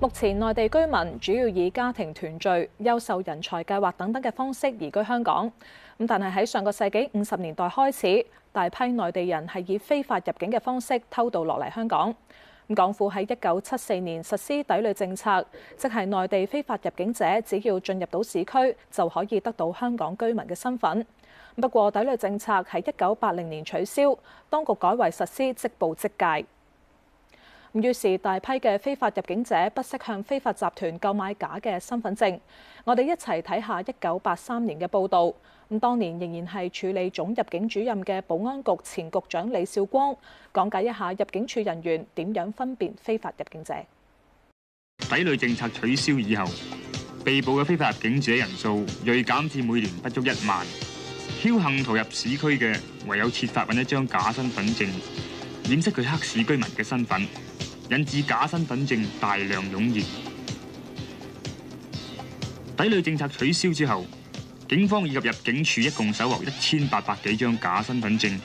目前，內地居民主要以家庭團聚、優秀人才計劃等等嘅方式移居香港。咁但係喺上個世紀五十年代開始，大批內地人係以非法入境嘅方式偷渡落嚟香港。港府喺一九七四年實施抵壘政策，即係內地非法入境者只要進入到市區就可以得到香港居民嘅身份。不過，抵壘政策喺一九八零年取消，當局改為實施即捕即解。於是大批嘅非法入境者不惜向非法集團購買假嘅身份證。我哋一齊睇下一九八三年嘅報導。咁當年仍然係處理總入境主任嘅保安局前局長李少光講解一下入境處人員點樣分辨非法入境者。抵壘政策取消以後，被捕嘅非法入境者人數鋭減至每年不足一萬。僥幸逃入市區嘅，唯有設法揾一張假身份證，掩飾佢黑市居民嘅身份。引致假身份證大量湧現。抵壘政策取消之後，警方以及入境處一共搜獲一千八百幾張假身份證。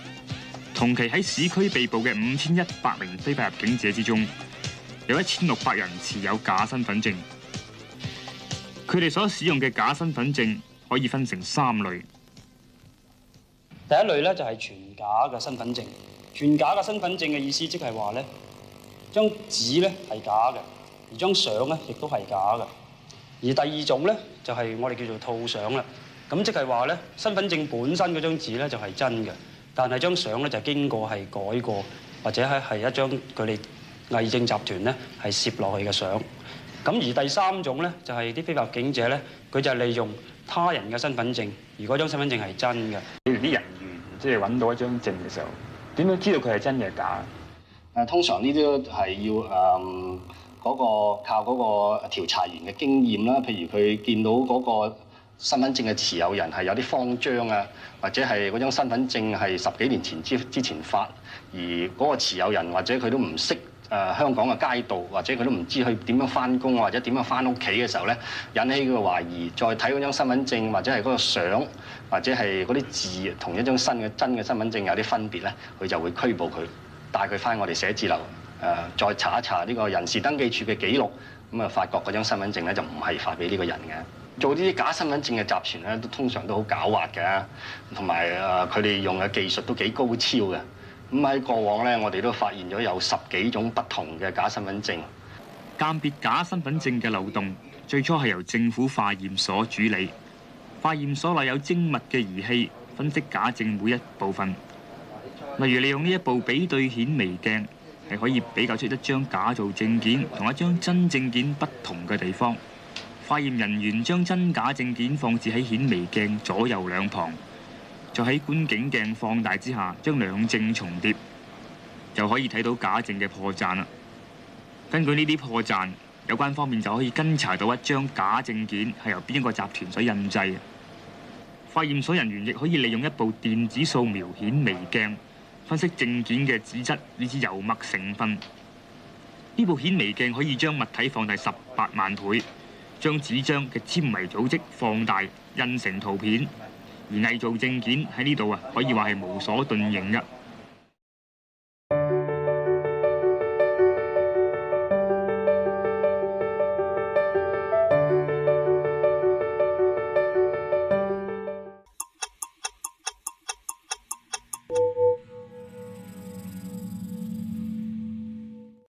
同期喺市區被捕嘅五千一百名非法入境者之中，有一千六百人持有假身份證。佢哋所使用嘅假身份證可以分成三類。第一類咧就係全假嘅身份證。全假嘅身份證嘅意思即係話咧。張紙咧係假嘅，而張相咧亦都係假嘅。而第二種咧就係我哋叫做套相啦。咁即係話咧，就是、身份證本身嗰張紙咧就係真嘅，但係張相咧就經過係改過，或者係一張佢哋偽證集團咧係攝落去嘅相。咁而第三種咧就係啲非法警者咧，佢就係利用他人嘅身份證，而嗰張身份證係真嘅。譬如啲人員即係揾到一張證嘅時候，點樣知道佢係真嘅假？誒通常呢啲都係要誒嗰個靠嗰個調查員嘅經驗啦，譬如佢見到嗰個身份證嘅持有人係有啲慌張啊，或者係嗰張身份證係十幾年前之之前發，而嗰個持有人或者佢都唔識誒香港嘅街道，或者佢都唔知佢點樣翻工或者點樣翻屋企嘅時候咧，引起佢懷疑，再睇嗰張身份證或者係嗰個相或者係嗰啲字同一張新嘅真嘅身份證有啲分別咧，佢就會拘捕佢。帶佢翻我哋寫字樓，誒再查一查呢個人事登記處嘅記錄，咁啊發覺嗰張身份證咧就唔係發俾呢個人嘅。做呢啲假身份證嘅集團咧，都通常都好狡猾嘅，同埋誒佢哋用嘅技術都幾高超嘅。咁喺過往咧，我哋都發現咗有十幾種不同嘅假身份證。鑑別假身份證嘅漏洞，最初係由政府化驗所處理。化驗所內有精密嘅儀器，分析假證每一部分。例如利用呢一部比對顯微鏡，係可以比較出一張假造證件同一張真證件不同嘅地方。化驗人員將真假證件放置喺顯微鏡左右兩旁，就喺觀景鏡放大之下，將兩證重疊，就可以睇到假證嘅破綻啦。根據呢啲破綻，有關方面就可以跟查到一張假證件係由邊一個集團所印製嘅。化驗所人員亦可以利用一部電子掃描顯微鏡。分析證件嘅紙質，呢支油墨成分，呢部顯微鏡可以將物體放大十八萬倍，將紙張嘅纖維組織放大印成圖片，而偽造證件喺呢度啊，可以話係無所遁形嘅。